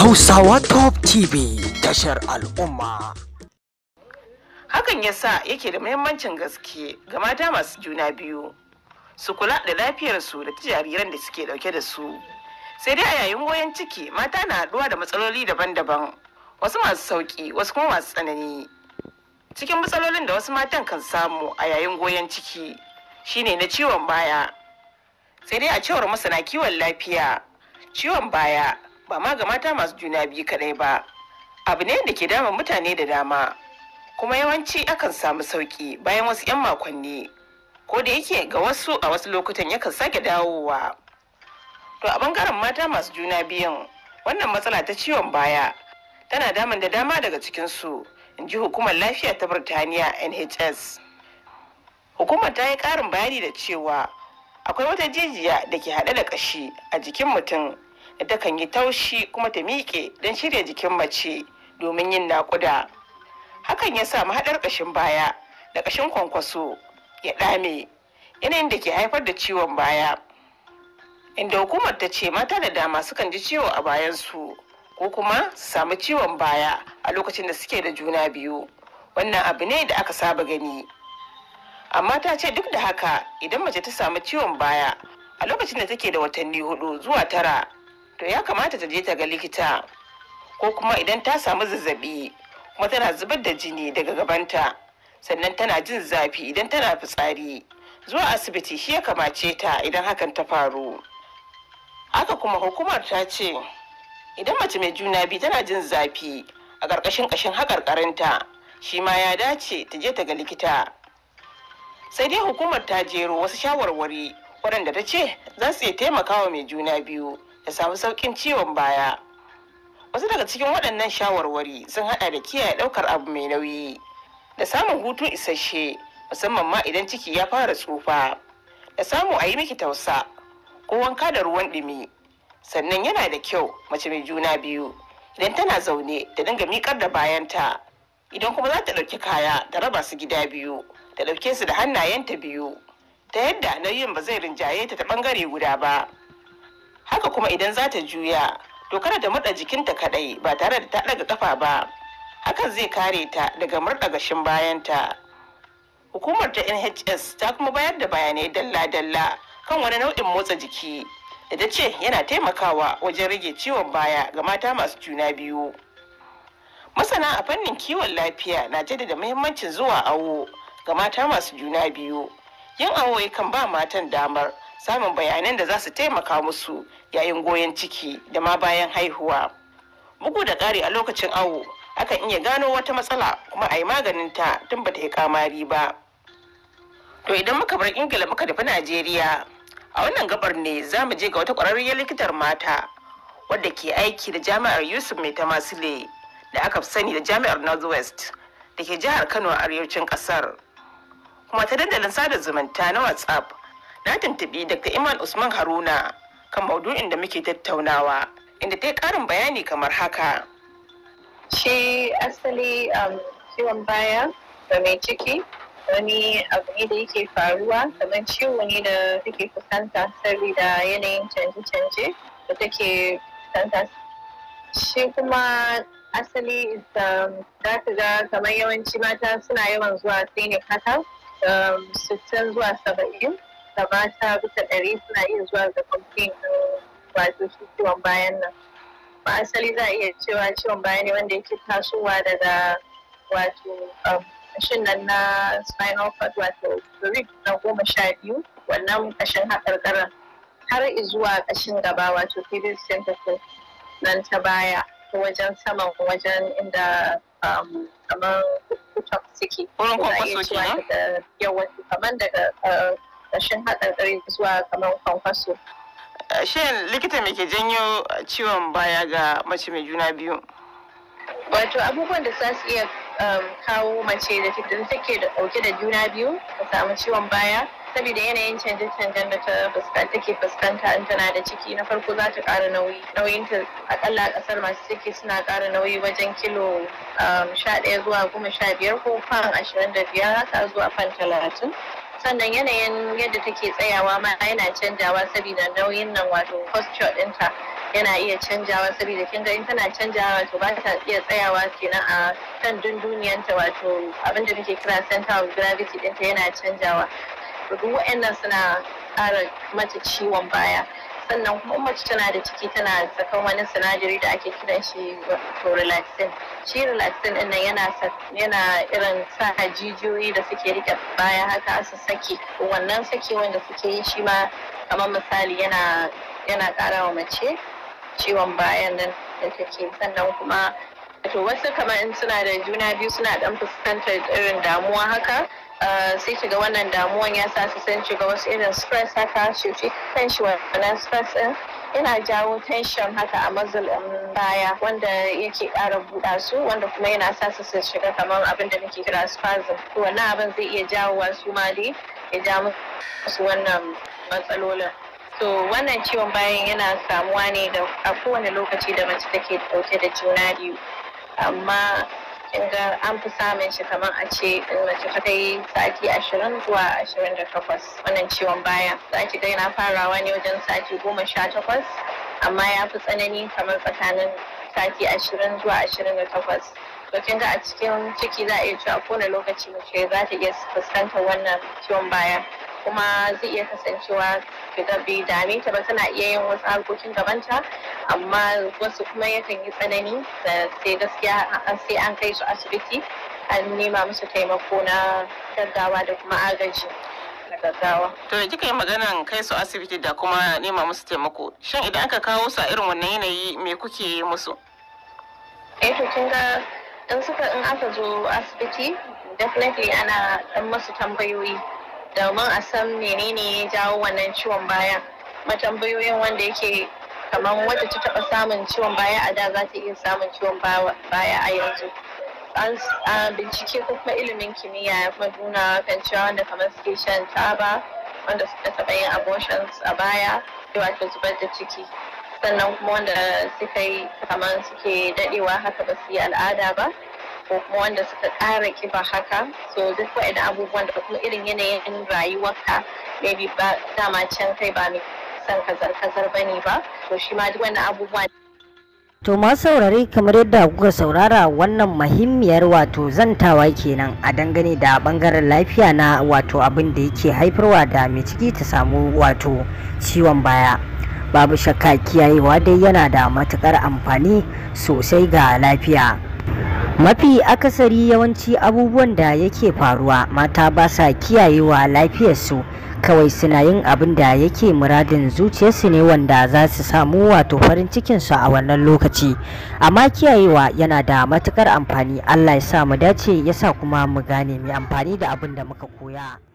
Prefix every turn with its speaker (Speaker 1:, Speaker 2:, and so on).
Speaker 1: Hausawa Top TV tashar al'umma. Hakan ya sa yake da muhimmancin gaske ga mata masu juna biyu su kula da lafiyarsu da ta jariran da suke dauke da su. Sai dai a yayin goyon ciki mata na haɗuwa da matsaloli daban-daban wasu masu sauƙi wasu kuma masu tsanani. Cikin matsalolin da wasu matan kan samu a yayin goyon ciki shine na ciwon baya. Sai dai a cewar masana kiwon lafiya ciwon baya ba ma ga mata masu juna biyu kaɗai ba abu ne da ke dama mutane da dama kuma yawanci akan samu sauƙi bayan wasu 'yan makonni ko da yake ga wasu a wasu lokutan yakan sake dawowa to a bangaren mata masu juna biyun wannan matsala ta ciwon baya tana daman da dama daga cikinsu in ji hukumar lafiya ta birtaniya nhs hukumar ta yi karin bayani da cewa akwai wata jijiya da ke haɗe da ƙashi a jikin mutum ta kan yi taushi kuma ta miƙe don shirya jikin mace domin yin naƙuda hakan ya samu haɗar ƙashin baya da ƙashin kwankwaso ya ɗame yanayin da ke haifar da ciwon baya inda hukumar ta ce mata da dama sukan ji ciwo a bayansu ko kuma su samu ciwon baya a lokacin da suke da juna biyu wannan abu ne da aka saba gani amma ta ce duk da haka idan mace ta samu ciwon baya a lokacin da take da watanni hudu zuwa tara to ya kamata ta je ta ga likita ko kuma idan ta samu zazzabi kuma tana zubar da jini daga gabanta sannan tana jin zafi idan tana fitsari zuwa asibiti shi ya kamace ta idan hakan ta faru haka kuma hukumar ta ce idan mace mai juna biyu tana jin zafi a ƙarƙashin ƙashin haƙarƙarinta shi ma ya dace ta je ta ga likita sai dai hukumar ta jero wasu shawarwari waɗanda ta ce za su iya taimakawa mai juna biyu da samu sauƙin ciwon baya wasu daga cikin waɗannan shawarwari sun haɗa da kiyaye ɗaukar abu mai nauyi da samun hutu isasshe musamman ma idan ciki ya fara tsufa da samu a yi miki tausa ko wanka da ruwan ɗumi sannan yana da kyau mace mai juna biyu idan tana zaune da dinga miƙar da bayanta idan kuma za ta ɗauki kaya ta raba su gida biyu ta ɗauke su da hannayenta biyu ta yadda nauyin ba zai rinjaye ta ta ɓangare guda ba. haka kuma idan za ta juya to kada ta murɗa jikinta kaɗai ba tare da ta ɗaga kafa ba hakan zai kare ta daga murɗa gashin bayanta hukumar ta nhs ta kuma bayar da bayanai dalla-dalla kan wani nau'in motsa jiki da ta ce yana taimakawa wajen rage ciwon baya ga mata masu juna biyu masana a fannin kiwon lafiya na jaddada muhimmancin zuwa awo ga mata masu juna biyu yin awo kan ba matan damar samun bayanan da za su taimaka musu yayin goyon ciki da ma bayan haihuwa bugu da ƙari a lokacin awo akan iya gano wata matsala kuma a yi maganin ta tun ba ta yi kamari ba to idan muka bar ingila muka tafi najeriya a wannan gabar ne za mu je ga wata ƙwararriyar likitar mata wadda ke aiki da jami'ar yusuf mai ta masile da aka sani da jami'ar North-West da ke jihar kano a arewacin ƙasar kuma ta dandalin sada zumunta na whatsapp na tuntubi Dr. Iman Usman Haruna kan maudu'in da muke tattaunawa inda ta yi ƙarin bayani kamar haka.
Speaker 2: Shi asali um, ciwon baya da mai ciki wani abu ne da yake faruwa kamar ciwo ne da take fuskanta saboda yanayin canje-canje da take fuskanta. Shi kuma asali um, za ta ga kamar yawanci mata suna yawan zuwa clinic haka um, sittin zuwa saba'in da mata bisa ɗari suna iya zuwa ga kwamfin wato shi ciwon bayan nan ba asali za a iya cewa ciwon baya ne wanda yake tasowa daga wato kashin nan na spinal cord wato rib na goma sha biyu wannan kashin haƙarƙarar har zuwa kashin gaba wato pelvic sympathy nan ta baya ta wajen saman wajen inda kamar kutok suke.
Speaker 1: Wurin kwakwaso kenan? Yawanci kamar daga ƙarƙashin haɗin ƙari zuwa kamar kwankwaso. Eh, shin likita me ke janyo ciwon baya ga mace mai juna biyu?
Speaker 2: Wato abubuwan da za su iya um, kawo mace da take da ɗauke da juna biyu ta samu ciwon baya saboda yanayin canje-canjen da ta fuskanta take fuskanta in tana da ciki na farko za ta ƙara nauyi nauyin ta akalla a ƙasar masu ciki suna ƙara nauyi wajen kilo um, sha ɗaya zuwa goma sha biyar ko fan ashirin da biyar haka zuwa fan talatin sannan yanayin yadda take tsayawa ma yana canjawa saboda nauyin nan wato posture dinta yana iya canjawa saboda kin ga in tana canjawa wato ba ta iya tsayawa kenan a kan dunduniyanta wato abin da muke kira center of gravity dinta yana canjawa duk waɗannan suna ƙara mata ciwon baya sannan kuma mace tana da ciki tana sakan wani sinadari da ake kiran shi to relaxin shi relaxin din nan yana yana irin sa jijiyoyi da suke rike baya haka su saki wannan saki wanda suke yi shi ma kamar misali yana yana kara wa mace ciwon bayan nan da take sannan kuma to wasu kamar in suna da juna biyu suna dan fuskantar irin damuwa haka Eh, sai shiga wannan damuwan ya sa su san shiga wasu irin stress haka shi kan shi wannan stress din yana jawo tension haka a mazalin baya wanda yake ƙara buɗa su wanda kuma yana sa su su shiga kamar abin da nake kira spasm to wannan abin zai iya jawo su ma dai ya ja musu wannan matsalolin to wannan ciwon bayan yana samuwa ne da a kowane lokaci da mace take dauke da juna biyu amma kin ga an fi samun shi kamar a ce in mace ta kai sati ashirin zuwa ashirin da takwas wannan ciwon baya za ki ga farawa ne wajen sati goma sha takwas amma ya fi tsanani kamar tsakanin sati ashirin zuwa ashirin da takwas to kin ga a cikin ciki za a iya cewa kowane lokaci mace za ta iya fuskantar wannan ciwon baya kuma zai iya kasancewa fitar bai dame ta ba tana iya yin wasu harkokin gabanta amma wasu kuma yakan yi tsanani da sai gaskiya sai an kai su asibiti an nema musu taimako na gaggawa da kuma agaji
Speaker 1: na gaggawa. To yanzu kika yi maganan kai su asibiti da kuma nema musu taimako. Shin idan aka kawo su a irin wannan yanayi me kuke yi musu?
Speaker 2: Eh to kin ga in suka in aka zo asibiti definitely ana dan masu tambayoyi domin a san menene ya jawo wannan ciwon baya matambayoyin wanda yake kamar wata ta taba samun ciwon baya a da za ta iya samun ciwon baya a yanzu an bincike ko kuma ilimin kimiyya ya kuma nuna kan cewa wanda kamar suke shan taba wanda suka taɓa yin abortions a baya yawa ta zubar da ciki sannan kuma wanda suka yi kamar suke daɗewa haka ba su yi al'ada ba kuma wanda suka kara ƙiba haka so duk waɗannan abubuwan da kuma irin yanayin rayuwarka maybe ba dama can kai ba mai son kazar-kazar ba ne ba to shi ma duk wannan abubuwan
Speaker 1: To ma saurari kamar yadda kuka saurara wannan mahimmiyar wato zantawa kenan a dangane da bangaren lafiya na wato abin da yake haifarwa da mai ciki ta samu wato ciwon baya. Babu shakka kiyayewa dai yana da matukar amfani sosai ga lafiya. mafi akasari yawanci abubuwan da yake faruwa mata ba sa kiyayewa lafiyarsu kawai suna yin abin da yake muradin zuciyarsu ne wanda za su samu wato farin cikinsu a wannan lokaci amma kiyayewa yana da matukar amfani allah ya sa mu dace ya sa kuma mu gane mai amfani da abin da muka koya